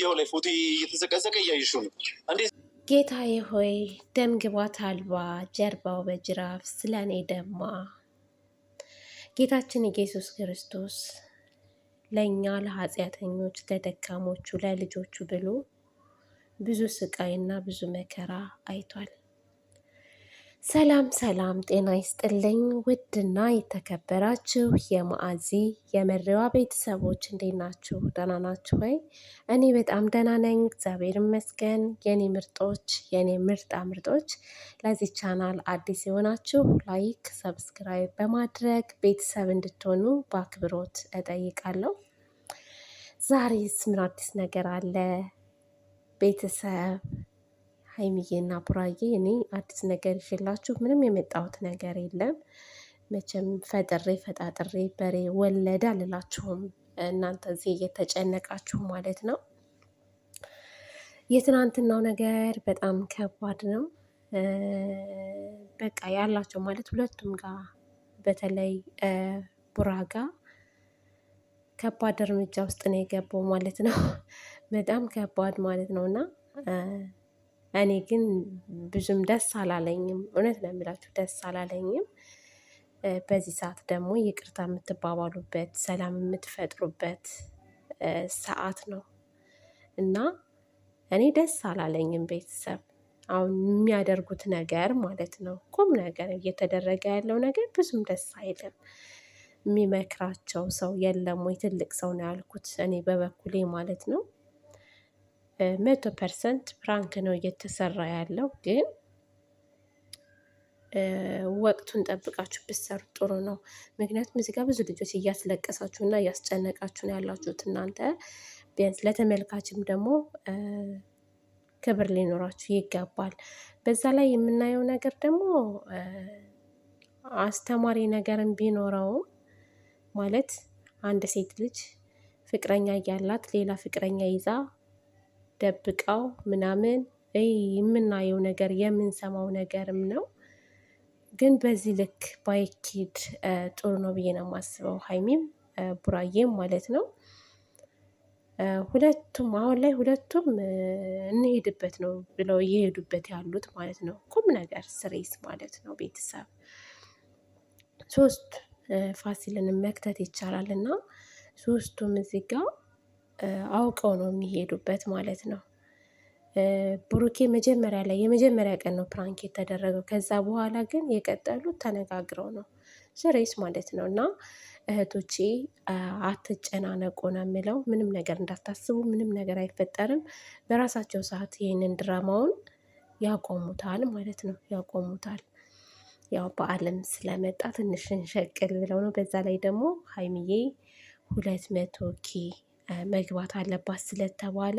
ቪዲዮ ላይ ፎቶ እየተዘቀዘቀ እያየሹ ነው። እንዴ? ጌታዬ ሆይ ግባት አልባ ጀርባው በጅራፍ ስለኔ ደማ። ጌታችን ኢየሱስ ክርስቶስ ለእኛ ለኃጢአተኞች ለደካሞቹ ለልጆቹ ብሎ ብዙ ስቃይና ብዙ መከራ አይቷል። ሰላም ሰላም፣ ጤና ይስጥልኝ ውድና የተከበራችሁ የማአዚ የመሪዋ ቤተሰቦች እንዴት ናችሁ? ደህና ናችሁ ወይ? እኔ በጣም ደህና ነኝ፣ እግዚአብሔር ይመስገን። የኔ ምርጦች፣ የኔ ምርጣ ምርጦች፣ ለዚህ ቻናል አዲስ የሆናችሁ ላይክ፣ ሰብስክራይብ በማድረግ ቤተሰብ እንድትሆኑ በአክብሮት እጠይቃለሁ። ዛሬስ ምን አዲስ ነገር አለ ቤተሰብ ሀይሚዬና ቡራዬ እኔ አዲስ ነገር ይዤላችሁ ምንም የመጣሁት ነገር የለም። መቼም ፈጥሬ ፈጣጥሬ በሬ ወለደ አልላችሁም። እናንተ እዚህ እየተጨነቃችሁ ማለት ነው። የትናንትናው ነገር በጣም ከባድ ነው። በቃ ያላቸው ማለት ሁለቱም ጋር በተለይ ቡራ ጋር ከባድ እርምጃ ውስጥ ነው የገባው ማለት ነው። በጣም ከባድ ማለት ነው እና እኔ ግን ብዙም ደስ አላለኝም። እውነት ነው የምላችሁ ደስ አላለኝም። በዚህ ሰዓት ደግሞ ይቅርታ የምትባባሉበት ሰላም የምትፈጥሩበት ሰዓት ነው እና እኔ ደስ አላለኝም። ቤተሰብ አሁን የሚያደርጉት ነገር ማለት ነው ቁም ነገር እየተደረገ ያለው ነገር ብዙም ደስ አይልም። የሚመክራቸው ሰው የለም ወይ? ትልቅ ሰው ነው ያልኩት እኔ በበኩሌ ማለት ነው። መቶ ፐርሰንት ፕራንክ ነው እየተሰራ ያለው ግን ወቅቱን ጠብቃችሁ ብትሰሩ ጥሩ ነው። ምክንያቱም እዚህ ጋር ብዙ ልጆች እያስለቀሳችሁ እና እያስጨነቃችሁ ነው ያላችሁት። እናንተ ቢያንስ ለተመልካችም ደግሞ ክብር ሊኖራችሁ ይገባል። በዛ ላይ የምናየው ነገር ደግሞ አስተማሪ ነገርን ቢኖረውም ማለት አንድ ሴት ልጅ ፍቅረኛ እያላት ሌላ ፍቅረኛ ይዛ ደብቀው ምናምን የምናየው ነገር የምንሰማው ነገርም ነው። ግን በዚህ ልክ ባይኪድ ጥሩ ነው ብዬ ነው የማስበው። ሀይሚም ቡራዬም ማለት ነው። ሁለቱም አሁን ላይ ሁለቱም እንሄድበት ነው ብለው እየሄዱበት ያሉት ማለት ነው። ቁም ነገር ስሬስ ማለት ነው። ቤተሰብ ሶስት ፋሲልን መክተት ይቻላል እና ሶስቱም እዚህ ጋር አውቀው ነው የሚሄዱበት ማለት ነው። ብሩኬ መጀመሪያ ላይ የመጀመሪያ ቀን ነው ፕራንክ የተደረገው። ከዛ በኋላ ግን የቀጠሉት ተነጋግረው ነው ስሬስ ማለት ነው። እና እህቶቼ አትጨናነቁ ነው የምለው። ምንም ነገር እንዳታስቡ፣ ምንም ነገር አይፈጠርም። በራሳቸው ሰዓት ይህንን ድራማውን ያቆሙታል ማለት ነው። ያቆሙታል። ያው በዓለም ስለመጣ ትንሽ እንሸቅል ብለው ነው። በዛ ላይ ደግሞ ሀይሚዬ ሁለት መቶ ኬ መግባት አለባት ስለተባለ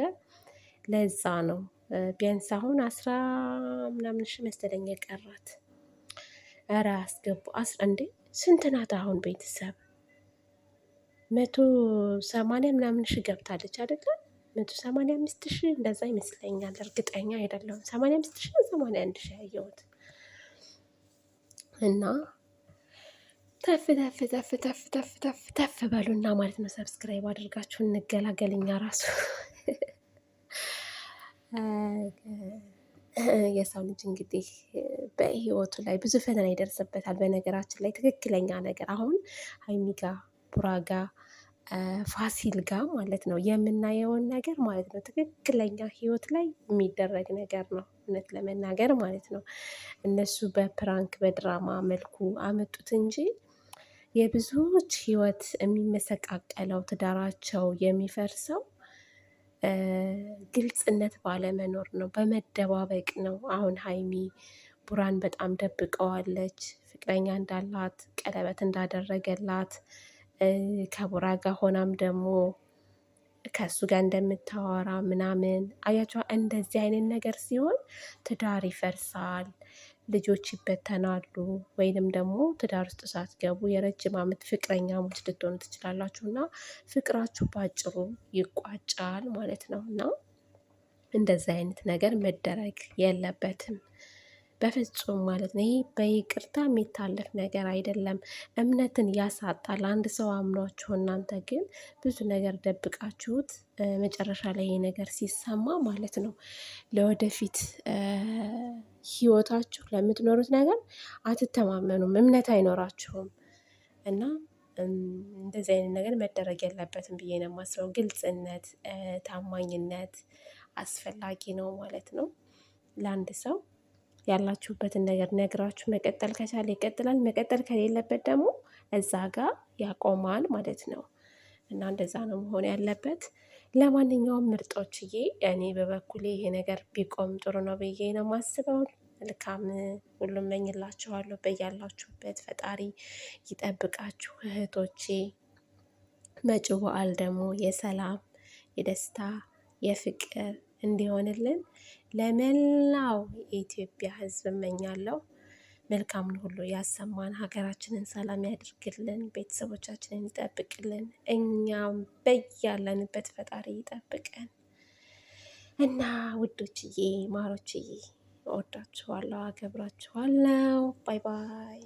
ለዛ ነው። ቢያንስ አሁን አስራ ምናምን ሺህ መሰለኝ የቀራት። ኧረ አስገቡ አስራ እንዴ ስንት ናት አሁን ቤተሰብ? መቶ ሰማንያ ምናምን ሺህ ገብታለች አይደለ? መቶ ሰማንያ አምስት ሺ እንደዛ ይመስለኛል፣ እርግጠኛ አይደለሁም። ሰማንያ አምስት ሺ ሰማንያ አንድ ሺ ያየሁት እና ተፍ ተፍ ተፍ ተፍ ተፍ ተፍ ተፍ በሉና ማለት ነው። ሰብስክራይብ አድርጋችሁ እንገላገልኛ ራሱ የሰው ልጅ እንግዲህ በህይወቱ ላይ ብዙ ፈተና ይደርስበታል። በነገራችን ላይ ትክክለኛ ነገር አሁን ሀይሚጋ ቡራጋ ፋሲል ጋ ማለት ነው የምናየውን ነገር ማለት ነው ትክክለኛ ህይወት ላይ የሚደረግ ነገር ነው። እውነት ለመናገር ማለት ነው እነሱ በፕራንክ በድራማ መልኩ አመጡት እንጂ የብዙዎች ህይወት የሚመሰቃቀለው ትዳራቸው የሚፈርሰው ግልጽነት ባለመኖር ነው፣ በመደባበቅ ነው። አሁን ሀይሚ ቡራን በጣም ደብቀዋለች። ፍቅረኛ እንዳላት ቀለበት እንዳደረገላት ከቡራ ጋር ሆናም ደግሞ ከእሱ ጋር እንደምታወራ ምናምን አያቸዋ። እንደዚህ አይነት ነገር ሲሆን ትዳር ይፈርሳል። ልጆች ይበተናሉ ወይንም ደግሞ ትዳር ውስጥ ሳትገቡ የረጅም ዓመት ፍቅረኛሞች ልትሆኑ ትችላላችሁ እና ፍቅራችሁ በአጭሩ ይቋጫል ማለት ነው እና እንደዚህ አይነት ነገር መደረግ የለበትም በፍጹም ማለት ነው። ይሄ በይቅርታ የሚታለፍ ነገር አይደለም። እምነትን ያሳጣል። አንድ ሰው አምኗችሁ እናንተ ግን ብዙ ነገር ደብቃችሁት መጨረሻ ላይ ይሄ ነገር ሲሰማ ማለት ነው ለወደፊት ህይወታችሁ ለምትኖሩት ነገር አትተማመኑም፣ እምነት አይኖራችሁም እና እንደዚህ አይነት ነገር መደረግ የለበትም ብዬ ነው የማስበው። ግልጽነት፣ ታማኝነት አስፈላጊ ነው ማለት ነው። ለአንድ ሰው ያላችሁበትን ነገር ነግራችሁ መቀጠል ከቻለ ይቀጥላል፣ መቀጠል ከሌለበት ደግሞ እዛ ጋር ያቆማል ማለት ነው እና እንደዛ ነው መሆን ያለበት። ለማንኛውም ምርጦችዬ እኔ በበኩሌ ይሄ ነገር ቢቆም ጥሩ ነው ብዬ ነው ማስበው መልካም ሁሉም እመኝላችኋለሁ። በያላችሁበት ፈጣሪ ይጠብቃችሁ እህቶቼ። መጪው በዓል ደግሞ የሰላም የደስታ የፍቅር እንዲሆንልን ለመላው የኢትዮጵያ ሕዝብ እመኛለሁ። መልካም ሁሉ ያሰማን፣ ሀገራችንን ሰላም ያድርግልን፣ ቤተሰቦቻችንን ይጠብቅልን፣ እኛም በያለንበት ፈጣሪ ይጠብቀን እና ውዶችዬ፣ ማሮችዬ ወዳችኋለሁ፣ አገብራችኋለሁ። ባይ ባይ።